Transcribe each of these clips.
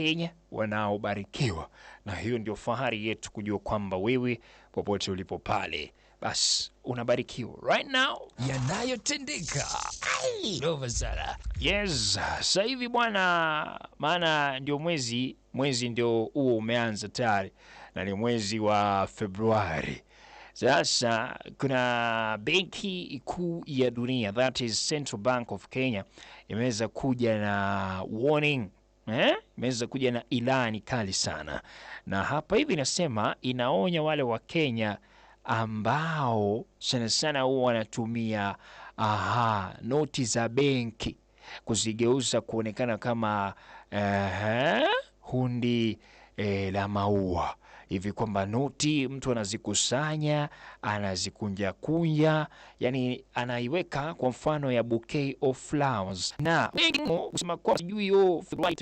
Kenya wanaobarikiwa, na hiyo ndio fahari yetu kujua kwamba wewe popote ulipo pale basi unabarikiwa right now. Yanayotendeka sana. Yes, sasa hivi bwana, maana ndio mwezi mwezi ndio huo umeanza tayari na ni mwezi wa Februari. Sasa kuna benki kuu ya dunia, that is Central Bank of Kenya, imeweza kuja na warning eh, imeweza kuja na ilani kali sana, na hapa hivi inasema inaonya wale wa Kenya ambao sana sana huwa wanatumia aha, noti za benki kuzigeuza kuonekana kama eh, hundi eh, la maua hivi kwamba noti mtu anazikusanya anazikunja kunja, yani anaiweka kwa mfano ya bouquet of flowers, na kusema kwa sijui yo Februari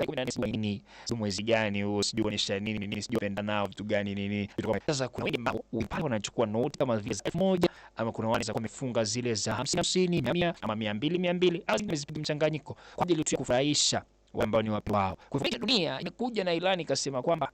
nini mwezi gani huo, sijui kuonyesha nini nini, sijui penda nao vitu gani nini. Sasa kuna wengi ambao upande wanachukua noti kama vile elfu moja ama kuna wale wamefunga zile za hamsini hamsini mia mia ama mia mbili mia mbili mchanganyiko kwa ajili tu ya kufurahisha ambao ni wapi wao. Kwa hivyo dunia imekuja na ilani ikasema kwamba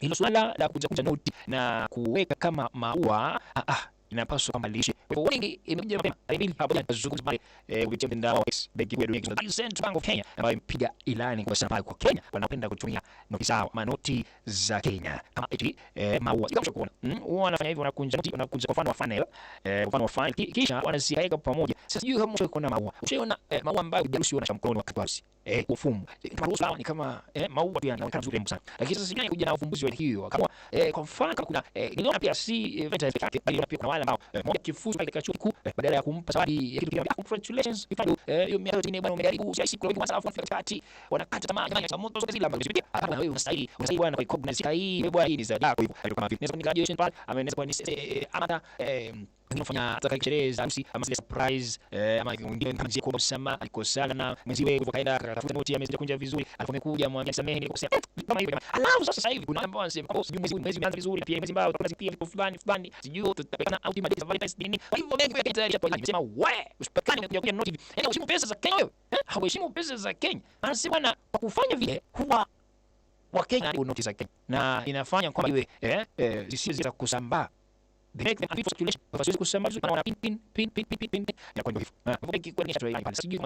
hilo swala la kujakuja noti na kuweka kama maua ah, ah, inapaswa kwamba liishe wengi imekuja mapema mbili hapo jana, tuzungumza pale eh, kupitia mtandao wa benki kuu ya dunia Central Bank of Kenya ambayo imepiga ilani kwa sababu kwa Kenya wanapenda kutumia noti zao, manoti za Kenya kama eti eh, maua, ikakusha kuona hmm, wanafanya hivyo, wanakunja noti, wanakunja kwa mfano wafanye hela, eh, kwa mfano wafanye, kisha wanazikaeka pamoja. Sasa sijui kama mshawahi maua, ushaona maua ambayo jarusi wanasha mkononi wa harusi eh, ufumu maruhusa ni kama eh, maua tu yanaonekana nzuri sana, lakini sasa sijui kuja na ufumbuzi wa hiyo kama eh, kwa mfano kuna eh, niliona pia si eh, vita yake, bali pia kuna wale ambao eh, moja kifuzu katika chuo kikuu eh, badala ya kumpa zawadi ya kitu kingine. Congratulations mfano eh, hiyo miaka yote bwana, umejaribu usiaisi kwa wengi unafika katikati, wanakata tamaa. Jamani, changamoto zote zile ambazo umezipitia, hapana, wewe unastahili, unastahili bwana, kwa recognize hii bwana, hii ni zawadi yako. Hivyo kama vile inaweza kuwa graduation pale, ama inaweza ni amata eh, eh wengine kufanya hata sherehe za harusi ama zile surprise eh, ama wengine kama je, kwa Osama alikosana na mwenziwe hivyo, kaenda akatafuta noti, ameweza kunja vizuri, alipo alipomekuja amwambia samehe, nilikosea kama hivyo. Alafu sasa hivi kuna ambao wanasema kwamba sijui mwezi mwezi umeanza vizuri, pia mwezi mbao tunazipia vitu fulani fulani, sijui tutapekana au timu ya Valentine's nini, hivyo mengi ya Kenya hapo. alisema we usipekane kuja kunja noti hivi, yani heshimu pesa za Kenya eh, wewe, heshimu pesa za Kenya. Anasema na kwa kufanya vile huwa wa Kenya noti za Kenya na inafanya kwamba iwe eh, eh, zisizo za kusambaa the kwa nisha tuelewa pale, sijui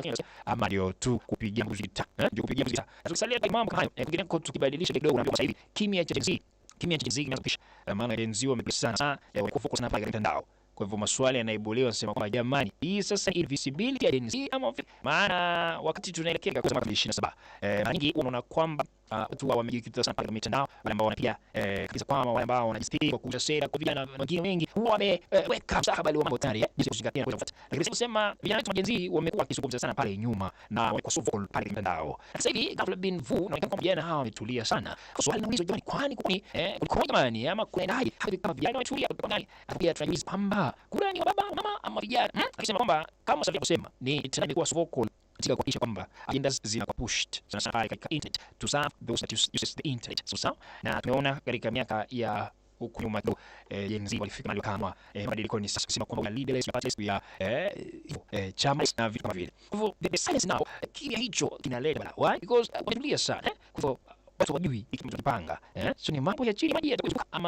mtandao kwa hivyo maswali yanaibuliwa nasema kwamba jamani, hii sasa invisibility ya Gen Z ama maana, wakati tunaelekea kwa mwaka 2027 eh, mara nyingi unaona kwamba Ah, watu uh, wamejikita sana katika mitandao, wale ambao wanapiga eh, kabisa kwama, wale ambao wanajisikia kwa kuja sera kwa vijana wengine wengi huwa wameweka eh, mustakabali wa mambo tayari eh, jinsi kuzingatia kwa kufuata. Lakini kusema vijana wetu majenzi wamekuwa wakizungumza sana pale nyuma na wamekuwa so vocal pale mitandao. Sasa hivi ghafla bin vu na kama vijana hawa wametulia sana. Kwa swali nauliza jamani, kwani kuni eh, kuliko jamani ama kuendaje hivi kama vijana wametulia kwa nani? Atakuja tunajiuliza kwamba kura ni baba mama ama vijana. Hmm? Akisema kwamba kama sasa vile kusema ni tena imekuwa so vocal katika kuhakikisha kwamba agenda zinakuwa pushed sana sana pale katika internet to serve those that use the internet. So sawa, na tumeona katika miaka ya huku nyuma kidogo eh, Gen Z walifika mahali kama eh, mabadiliko ni sasa kusema kwamba una leaderless ya parties ya eh, eh, chama na vitu kama vile. hivyo the silence now kile hicho kinaleta bala. Why? Because uh, wanatulia sana. Eh, kwa hivyo watu wajui kitu mnachopanga. Eh, so ni mambo ya chini maji yatakuwa ama